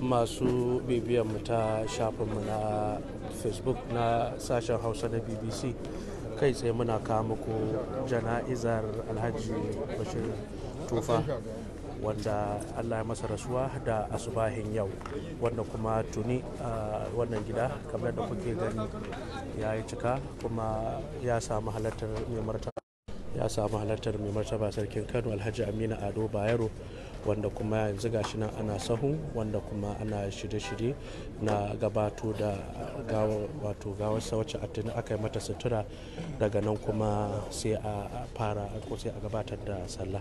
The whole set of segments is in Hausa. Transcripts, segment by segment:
masu mu ta shafinmu na facebook na sashen hausa na bbc kai tsaye muna kama ko jana'izar alhaji bashir tufa wanda allah ya masa rasuwa da asubahin yau wanda kuma tuni a wannan gida kamar da kuke gani ya yi cika kuma ya samu halartar mai martaba mai martaba sarkin kano alhaji amina ado bayero wanda kuma yanzu gashi nan ana sahun wanda kuma ana shirye-shirye na gabato da wato gawar wacce atini aka yi mata sutura daga nan kuma sai a fara ko sai a gabatar da sallah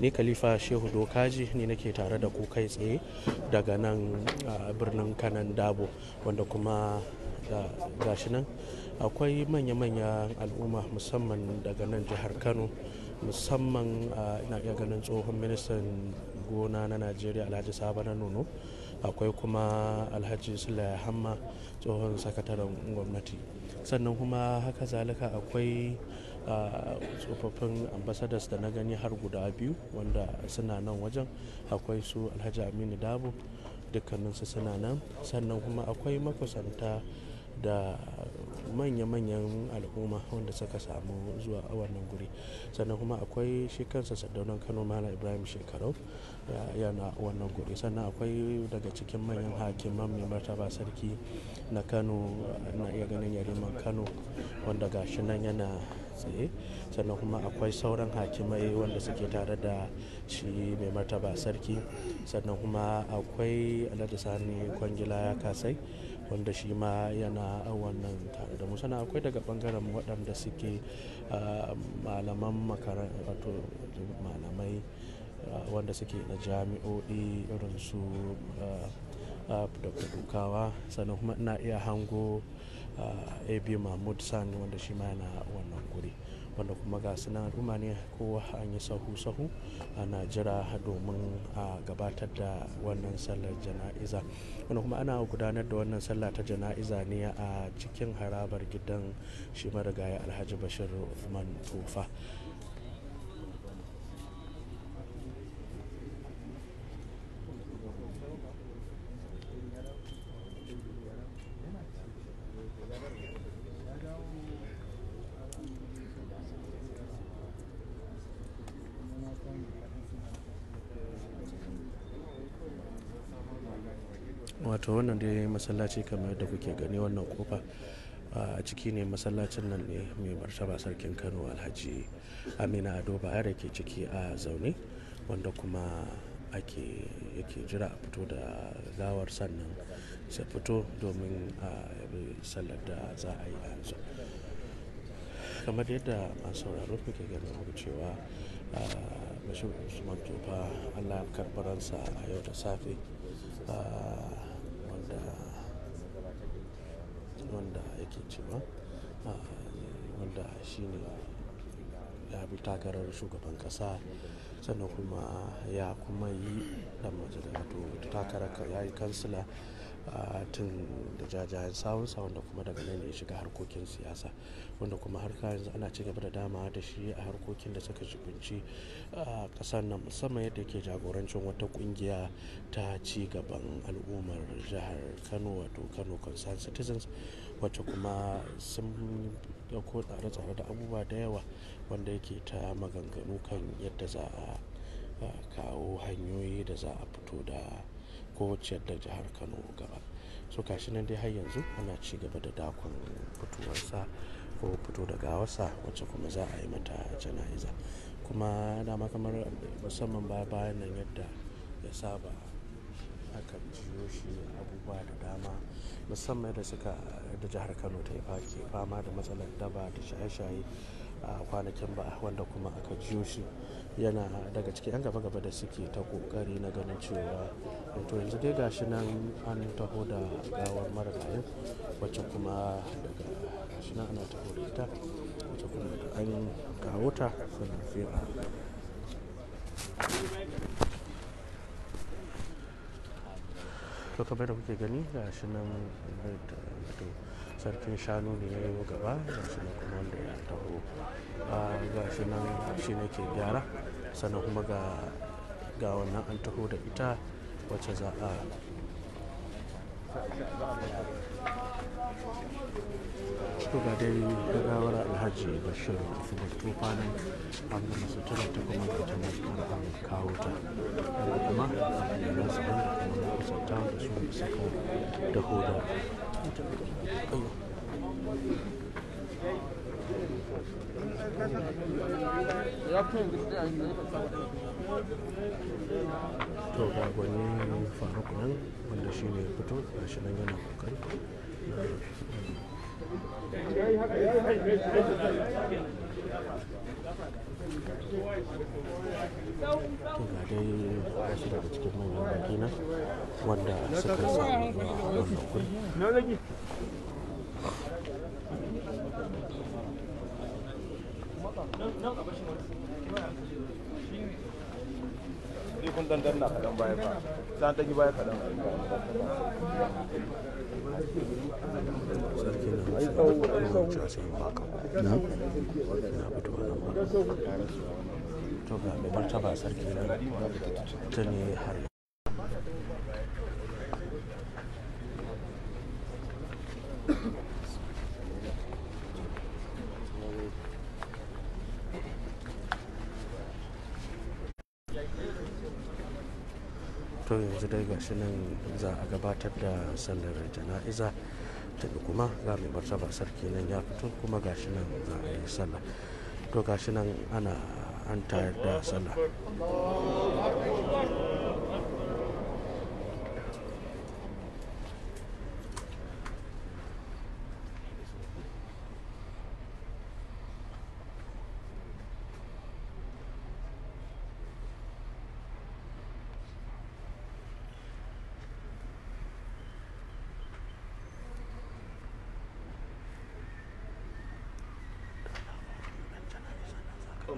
ni khalifa shehu dokaji ni nake tare da ku kai tsaye daga nan birnin kanan dabo wanda kuma gashi nan akwai manya-manyan al'umma musamman daga nan jihar kano musamman ina iya ganin tsohon ministan gona na najeriya alhaji sabana nono akwai kuma alhaji sula hamma tsohon sakataren gwamnati sannan kuma haka zalika akwai tsofaffin ambassadors da na gani har guda biyu wanda suna nan wajen akwai su alhaji aminu dabo dukkaninsu suna nan sannan kuma akwai makusanta da manya-manyan al'umma wanda suka samu zuwa a wannan guri sannan kuma akwai shi kansa sadaunan kano malam ibrahim shekarau yana wannan guri sannan akwai daga cikin manyan hakiman mai martaba sarki na kano na iya ganin yariman kano wanda gashi nan yana tsaye sannan kuma akwai sauran hakimai wanda suke tare da shi mai martaba sarki sannan kuma akwai alhaji sani kwangila ya kasai wanda shi ma yana wannan tare da mu sana akwai daga bangaren waɗanda suke malaman makarantu malamai wanda suke na jami'o'i irin su dr dukawa sannan kuma ina iya hango ab mahmud san wanda shi ma yana wannan guri wanda kuma ga su al'umma ne ko an yi sahu-sahu ana jira domin a gabatar da wannan sallar jana'iza wanda kuma ana gudanar da wannan sallah ta jana'iza ne a cikin harabar gidan shi marigaya alhaji bashir usman tufa to wannan dai masallaci kamar yadda kuke gani wannan kofa a ciki ne masallacin nan ne mai martaba sarkin kano alhaji amina ado da ke ciki a zaune wanda kuma ake yake jira a fito da gawar sannan sai fito domin a sallar da za a yi a yanzu kamar yadda masu sauraro kuke gani muku cewa bashir usman tofa allah karbaransa a yau da safe da wanda yake cewa ah, wanda shine ya bi takarar shugaban kasa sannan kuma ya kuma yi dan majalisa takarar ya yi kansila tun da jajayen sawunsa wanda kuma daga nan ya shiga harkokin siyasa wanda kuma harka yanzu ana ci gaba da dama da shi a harkokin da suka shigunci a kasar nan musamman yadda ke jagorancin wata kungiya ta ci gaban al'ummar jihar kano wato kano concerned citizens wacce kuma sun dauko tsare-tsare da abubuwa da yawa wanda yake ta maganganu kan yadda za a kawo hanyoyi da za a fito da ko ciyar da jihar kano gaba so kashi nan dai har yanzu ana ci gaba da dakon fitowarsa ko fito da gawarsa wacce kuma za a yi mata jana'iza kuma dama kamar musamman ba bayan nan yadda ya saba aka jiyo shi abubuwa da dama musamman da suka da jihar kano ta yi fama da matsalar daba da shaye-shaye a kwanakin ba wanda kuma aka jiyo shi yana daga cikin 'yan gaba-gaba da suke ta kokari na ganin cewa to yanzu dai gashi nan an taho da gawar layin wacce kuma daga gashi nan ana taho da ita wacce kuma da an kawo ta suna sai a to kamar da kuke gani gashi nan ta sarkin shanu ne ya yi gaba da shi na kuma wanda ya taho ah, ga shi nan shi ne ke gyara sannan kuma ga wannan an taho da ita wacce za a ko ga dai gagawar alhaji bashir da tufanin an gama tura ta kuma ta mutuwar an kawo ta kuma a kuma na kusa ta da su suka daho da to ga gwani faruk nan wanda shi ne fito ga shi yana kokari to ga dai wasu daga cikin manyan baki na wanda suka samu zuwa na kuri baya ba na na fito to ga mai martaba sarki na ne har to yanzu dai gashi nan za a gabatar da sallar jana'iza ta kuma ga mai martaba sarki nan ya fito kuma gashi nan za a yi sallah to gashi nan ana and tired. Salah.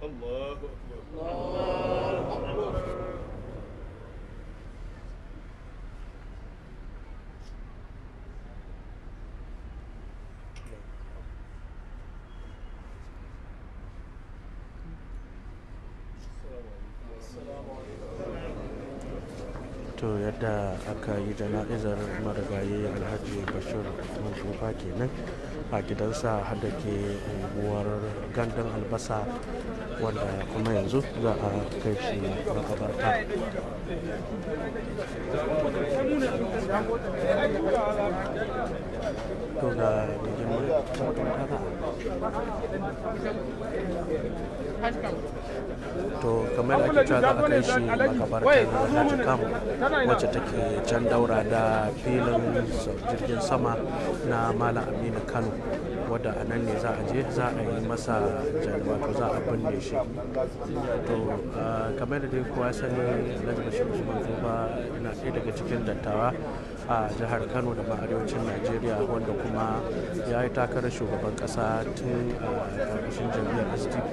Allahu Akbar. Allah. yadda aka yi jana'izar marigayi alhaji bashir mashufa kenan a gidansa hada ke unguwar gandun albasa wanda kuma yanzu za a kai shi makabarta Thank you. to kamar da ake cewa za a kai shi makabartar najikam wacce take can daura da filin jirgin sama na malam aminu kano wadda a nan ne za a je za a yi masa wato za a binne shi to kamar da dai kowa sani lajibashi shi usman ba na ɗaya daga cikin dattawa a jihar kano da arewacin najeriya wanda kuma ya yi takarar shugaban kasa tun a karkashin jam'iyyar sdp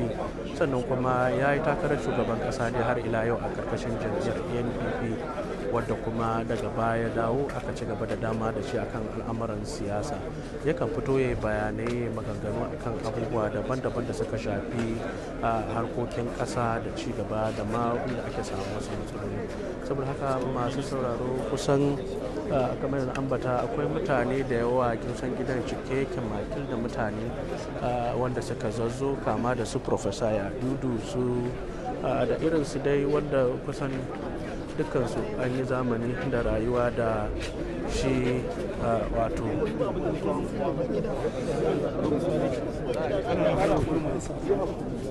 sannan kuma ya yi takarar shugaban kasa ne har ila yau a karkashin jam'iyyar npp wadda kuma daga baya dawo aka ci gaba da dama da shi akan al'amuran siyasa yakan fito ya bayanai maganganu akan abubuwa daban-daban da suka shafi a harkokin ƙasa da ci gaba da ma inda ake samu wasu matsaloli saboda haka masu sauraro kusan kamar yanzu ambata akwai mutane da yawa kusan gidan cike yake makil da mutane wanda suka zazzo kama da su profesa ya dudu su da irin su dai wanda kusan dukansu an yi zamani da rayuwa da shi wato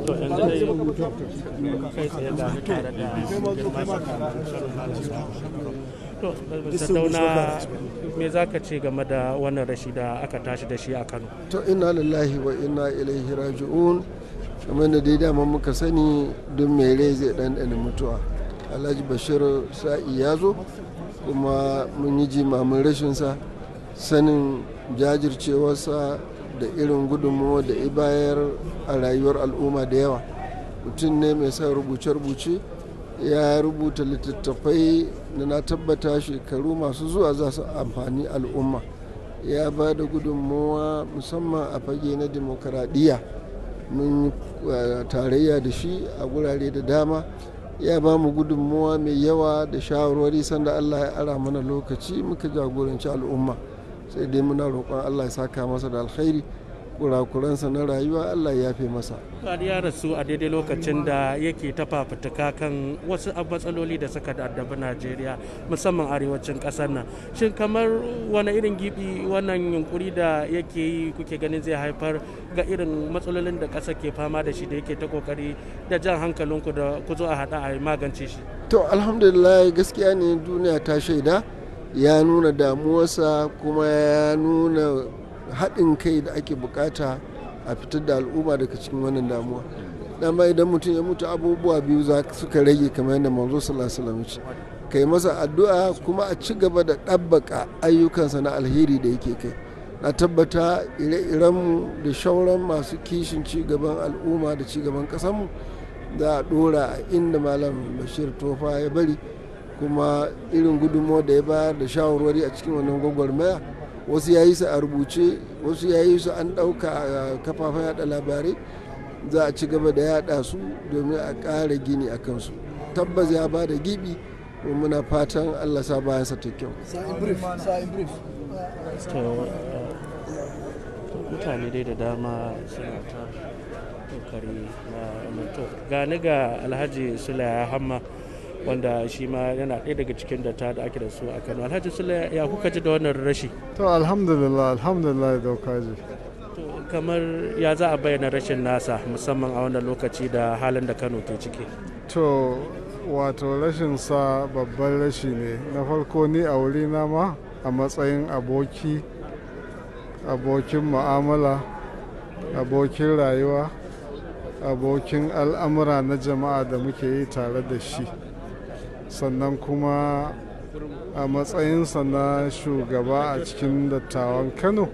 to yanzu dai kai tsaye da to me za ka ce game da wannan rashi da aka tashi da shi a kano to ina lillahi wa ina ilaihi raji'un kamar da dai dama muka sani don mai rai zai ɗanɗana mutuwa alhaji bashir sa'i ya zo kuma mun yi jimamin sa sanin jajircewarsa da irin gudunmawa da ibayar a rayuwar al'umma da yawa mutum ne mai sa rubuce-rubuce ya rubuta littattafai da na tabbata shekaru masu zuwa za su amfani al'umma ya ba da gudunmawa musamman a fage na demokaradiyya mun yi eh, tarayya da shi a gurare da dama ya ba mu gudunmuwa mai yawa da shawarwari sanda allah ya ara mana lokaci muka jagoranci al'umma sai dai muna roƙon allah ya saka masa da alkhairi kurakuransa na rayuwa Allah ya fi masa. ya rasu a daidai lokacin da yake ta fafutuka kan wasu matsaloli da suka addabi Najeriya musamman arewacin ƙasar nan. Shin kamar wani irin gibi wannan yunkuri da yake yi kuke ganin zai haifar ga irin matsalolin da ƙasa ke fama da shi da yake ta kokari da jan hankalinku da ku zo a haɗa a magance shi. To alhamdulillah gaskiya ne duniya ta shaida ya nuna damuwarsa kuma ya nuna haɗin kai da ake bukata a fitar da al'umma daga cikin wannan damuwa dama idan mutum ya mutu abubuwa biyu za suka rage kamar yadda manzo sallallahu alaihi kai masa addu'a kuma a ci gaba da ɗabbaka ayyukansa na alheri da yake kai na tabbata ire-irenmu da shauran masu kishin ci gaban al'umma da ci gaban ƙasanmu. za a ɗora a inda malam bashir tofa ya bari kuma irin gudunmawar da ya bayar da shawarwari a cikin wannan gwagwarmaya wasu ya yi su a rubuce wasu ya yi su an ɗauka a kafafen yada labarai za a ci gaba da yada su domin a ƙara gini a kansu tabbas ya ba da gibi muna fatan allah sa bayansa ta kyau mutane dai da dama suna ta kokari na ga ga alhaji sula hamma wanda shi ma yana ɗaya daga cikin datta da ake da su a Kano Alhaji Sule ya kuka ji da wannan rashi to alhamdulillah alhamdulillah da kaji kamar ya za a bayyana rashin nasa musamman a wannan lokaci da halin da Kano ke ciki to wato rashin sa babban rashi ne na farko ni a wuri na ma a matsayin aboki abokin mu'amala abokin rayuwa abokin al'amura na jama'a da muke yi tare da shi sannan kuma a matsayinsa na shugaba a cikin dattawan kano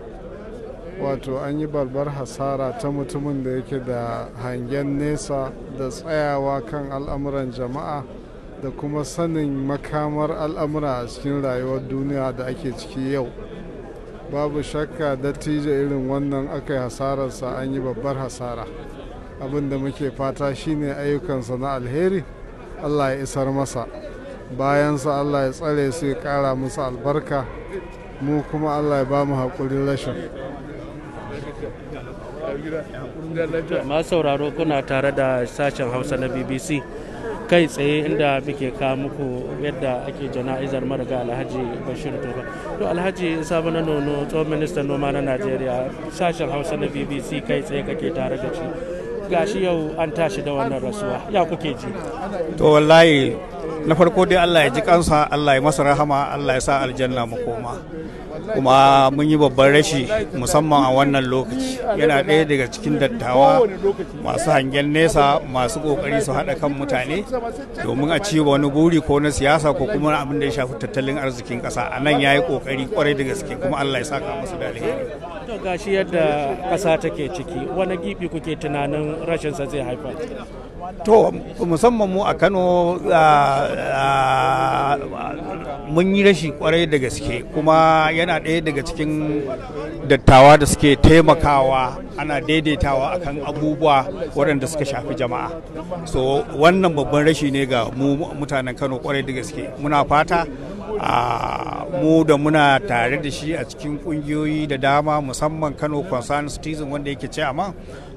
wato an yi barbar hasara ta mutumin da yake da hangen nesa da tsayawa kan al'amuran jama'a da kuma sanin makamar al'amura a cikin rayuwar duniya da ake ciki yau babu shakka dattijo irin wannan aka yi hasararsa an yi babbar hasara abin da muke fata shine ayyukansa na alheri allah ya isar masa bayan su Allah ya tsare su ya kara musu albarka mu kuma Allah ya ba mu haƙuri rashin masu sauraro kuna tare da sashen hausa na bbc kai tsaye inda muke ka muku yadda ake jana'izar ga alhaji bashir tuba to alhaji sabon na nono tsohon ministan noma na najeriya sashen hausa na bbc kai tsaye kake tare da shi gashi yau an tashi da wannan rasuwa ya kuke ji to wallahi na farko dai Allah ya ji kansa Allah ya masa rahama Allah ya sa aljanna mu koma kuma mun yi babban rashi musamman a wannan lokaci yana ɗaya daga cikin dattawa masu hangen nesa masu kokari su haɗa kan mutane domin a ci wani buri ko na siyasa ko kuma abin da ya shafi tattalin arzikin ƙasa a nan ya yi ƙoƙari kwarai da gaske kuma allah ya saka masu da alheri to gashi yadda ƙasa take ciki wani gibi kuke tunanin rashin sa zai haifar to musamman mu a kano mun yi rashi kwarai da gaske kuma yana ɗaya daga cikin dattawa da suke taimakawa ana daidaitawa akan abubuwa waɗanda suka shafi jama'a so wannan babban rashi ne ga mu mutanen kano kwarai da gaske muna fata mu da muna tare da shi a cikin ƙungiyoyi da dama musamman kano concern citizen wanda yake ce amma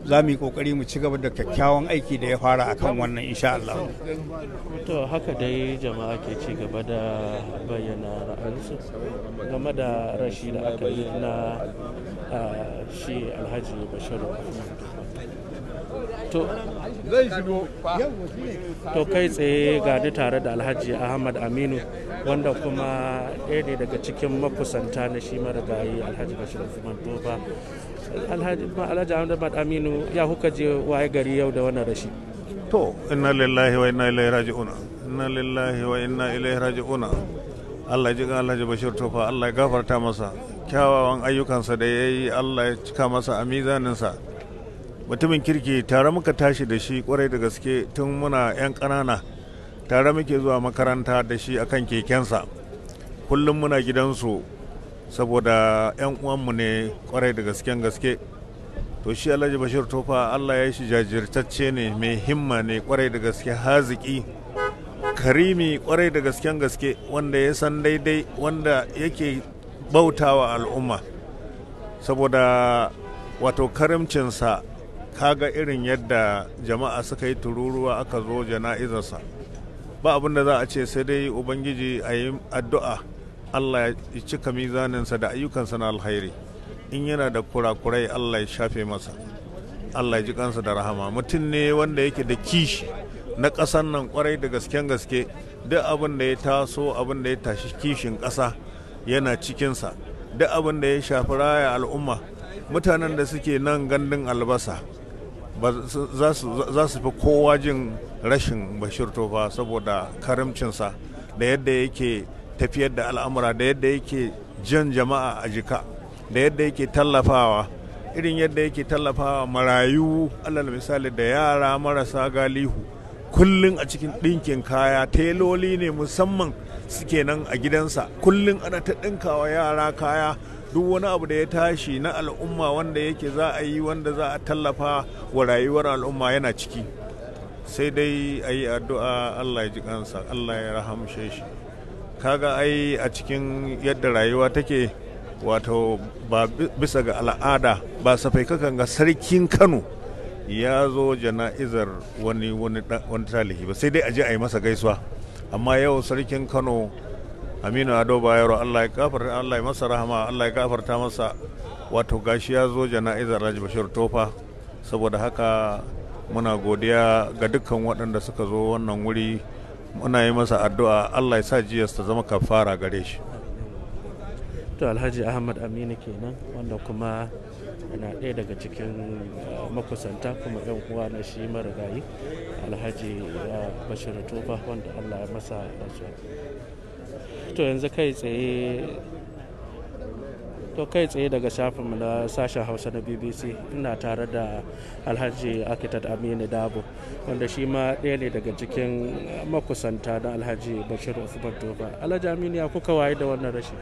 za mu yi kokari mu ci gaba da kyakkyawan aiki da ya fara akan wannan insha Allah to haka dai jama'a ke ci gaba da bayyana ra'ayinsu game da rashi da aka yi na shi alhaji basharu to to kai tsaye gani tare da alhaji ahmad aminu wanda kuma ɗaya ne daga cikin makusanta na shi marigayi alhaji bashir usman tofa alhaji ahmad aminu ya huka je waye gari yau da wannan rashi to inna lillahi wa inna ilaihi raji'una inna lillahi wa inna ilaihi raji'una Allah ji ga Alhaji Bashir Tofa Allah ya gafarta masa kyawawan ayyukansa da ya yi Allah ya cika masa a mizaninsa mutumin kirki tare muka tashi da shi kwarai da gaske tun muna 'yan ƙanana tare muke zuwa makaranta da shi akan kekensa kullum muna gidansu saboda 'yan uwanmu ne kwarai da gasken gaske to shi alhaji bashir tofa allah ya shi jajirtacce ne mai himma ne kwarai da gaske haziki karimi kwarai da gasken gaske wanda ya san daidai wanda yake bautawa al'umma saboda wato karimcinsa kaga irin yadda jama'a suka yi tururuwa aka zo jana'izarsa ba abin da za a ce sai dai ubangiji a yi addu'a Allah ya cika mizaninsa da ayyukansa na alkhairi in yana da kurakurai Allah ya shafe masa Allah ya ji kansa da rahama mutum ne wanda yake da kishi na ƙasan nan kwarai da gasken gaske duk abin da ya taso abin da ya tashi kishin kasa yana cikinsa duk abin da ya shafi raya al'umma mutanen da suke nan gandun albasa za su fi kowa jin rashin bashir tofa saboda karimcinsa da yadda yake tafiyar da al'amura da yadda yake jan jama'a a jika da yadda yake tallafawa irin yadda yake tallafawa marayu alal misali da yara marasa galihu kullum a cikin ɗinkin kaya teloli ne musamman suke nan a gidansa kullum ana ta ɗinkawa yara kaya duk wani abu da ya tashi na al'umma wanda yake za a yi wanda za a tallafa wa rayuwar al'umma yana ciki sai dai a yi addu'a allah ya ji kansa allah ya rahamshe shi kaga ai a cikin yadda rayuwa take wato ba bisa ga al'ada ba safai kakan ga sarkin kano ya zo jana'izar wani wani talihi ba sai dai aje a yi masa gaisuwa amma yau sarkin kano aminu ado bayero allah ya gafarta allah ya masa rahama allah ya gafarta masa wato gashi ya zo jana'izar raji bashir tofa saboda haka muna godiya ga dukkan waɗanda suka zo wannan wuri muna yi masa addu'a Allah ya sa jiyarsa ta zama kafara gare shi to alhaji ahmad aminu kenan wanda kuma yana ɗaya daga cikin uh, makusanta kuma yan uwa na shi marigayi alhaji ya uh, bashir tufa wanda allah ya masa rasuwa to yanzu kai tsaye to kai tsaye daga shafinmu na sashen hausa na bbc ina tare da alhaji akitar aminu dabo wanda shi ma ɗaya ne daga cikin makusanta na alhaji bashir usman tofa alhaji aminu ya kuka waye da wannan rashi.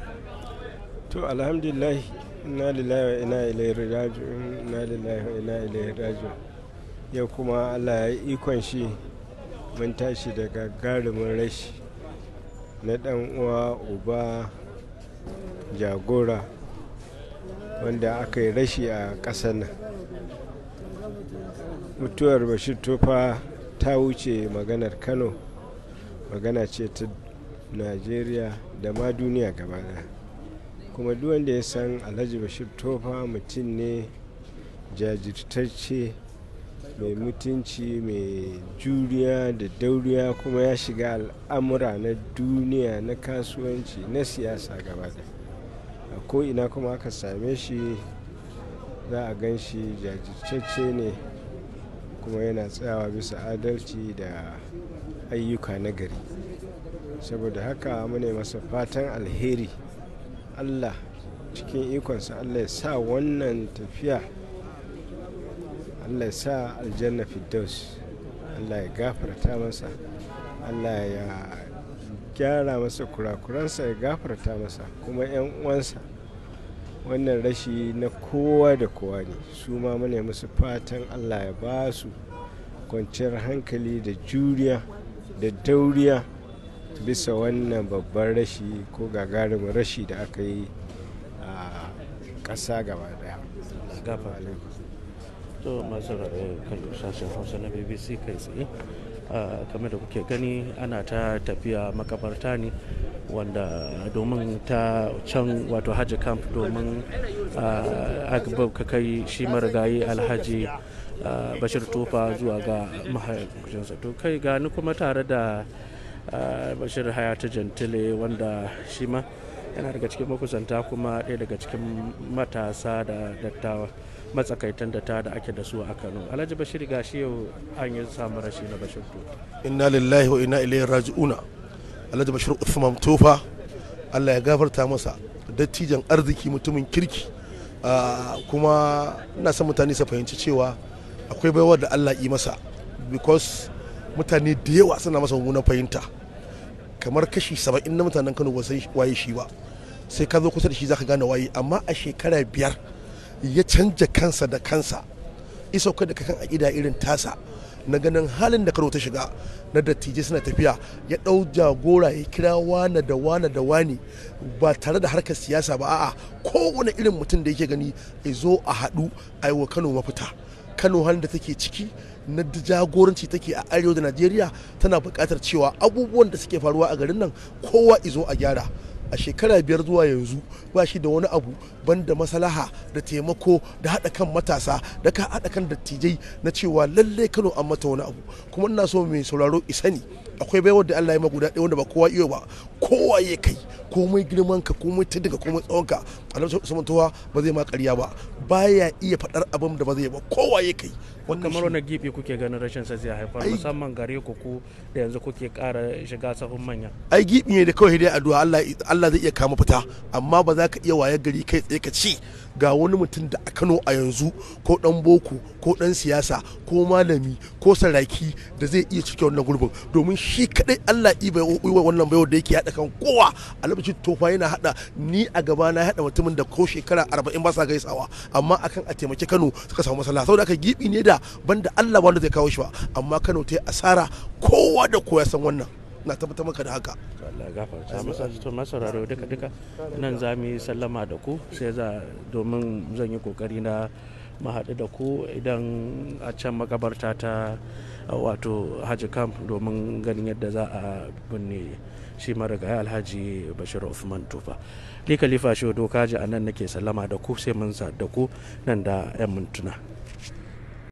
to alhamdulillah inna lillahi wa ina ilaihi raji'un inna lillahi wa ina ilaihi raji'un yau kuma allah ya ikon shi mun tashi daga garumin rashi na dan uwa uba jagora wanda aka yi rashi a ƙasar nan mutuwar bashir tofa ta wuce maganar kano magana ce ta najeriya da ma duniya gaba kuma duk wanda ya san alhaji bashir tofa mutum ne jajirtacce mai mutunci mai juriya da dauriya kuma ya shiga al'amura na duniya na kasuwanci na siyasa gaba da a ina kuma aka same shi za a gan shi jajirtacce ne kuma yana tsayawa bisa adalci da ayyuka na gari saboda haka mune masa fatan alheri allah cikin ikonsa allah ya sa wannan tafiya allah ya sa aljanna fiddaus allah ya gafarta masa allah ya gyara masa kurakuransa ya gafarta masa kuma 'yan uwansa wannan rashi na kowa da kowa ne su ma musu fatan allah ya ba su kwanciyar hankali da juriya da dauriya bisa wannan babban rashi ko gagarumin rashi da aka yi a ƙasa gaba daya to masu sashen hausa na bbc kai tsaye kamar da kuke gani ana ta tafiya makabarta ne wanda domin ta can wato hajji camp domin agbabu ka kai shi marigayi alhaji bashir tufa zuwa ga mahaifinsa to kai gani kuma tare da bashir hayatu jantile wanda shi ma yana daga cikin makusanta kuma ɗaya daga cikin matasa da dattawa matsakaitan da ta da ake da su a Kano Alhaji Bashir gashi yau an yi samu rashi na Bashir Tufa inna lillahi wa inna ilaihi raji'una Alhaji Bashir Usman Tufa Allah ya gafarta masa dattijan arziki mutumin kirki ah, kuma ina son mutane su fahimci cewa akwai baiwar da Allah yi masa because mutane da yawa suna masa na fahimta kamar kashi saba'in na mutanen Kano ba sai waye shi ba sai ka zo kusa da shi zaka gane waye amma a shekara biyar ya canja kansa da kansa isa kai da kakan aƙida irin tasa na ganin halin da karo ta shiga na dattijai suna tafiya ya ɗau jagora ya kira wane da wane da wani ba tare da harkar siyasa ba a'a kowane irin mutum da yake gani ya zo a haɗu a yi wa kano mafita kano halin da take ciki na jagoranci take a arewa da najeriya tana buƙatar cewa abubuwan da suke faruwa a garin nan kowa izo a gyara a shekara biyar zuwa yanzu ba shi da wani abu banda masalaha da taimako da haɗa kan matasa da ka haɗa kan dattijai na cewa lallai kano an mata wani abu kuma ina so mai sauraro isani akwai baiwa da Allah ya maguda ɗaya wanda ba kowa iyo ba kowa ya kai komai girman ka komai tuddinka komai tsawon ka annabi samantowa ba zai ma ƙarya ba baya iya faɗar abin da ba zai ba kowa ya kai wannan kamar wani gefe kuke ganin rashin sa zai haifar musamman gare ku ku da yanzu kuke ƙara shiga sahun manya ai gibi ne da kawai dai addu'a Allah Allah zai iya kama fita amma ba za ka iya wayar gari kai tsaye ka ce ga wani mutum da a kano a yanzu ko dan boko ko dan siyasa ko malami ko saraki da zai iya cike wannan gurbin domin shi kadai allah iba wannan bayo da yake hada kan kowa a lokacin tofa yana hada ni a gaba na hada mutumin da ko shekara arba'in ba sa gaisawa amma akan a taimaki kano suka samu masala saboda aka gibi ne da banda allah ba zai kawo shi ba amma kano ta yi asara kowa da kowa san wannan na tabbatar maka da haka Allah masa to duka duka nan za mu yi sallama da ku sai za domin zan yi kokari na haɗu da ku idan a can makabarta ta wato Haji camp domin ganin yadda za a binne shi marigayi alhaji bashir usman tufa ni khalifa shi doka ji a nan nake sallama da ku sai mun sa da ku nan da 'yan mintuna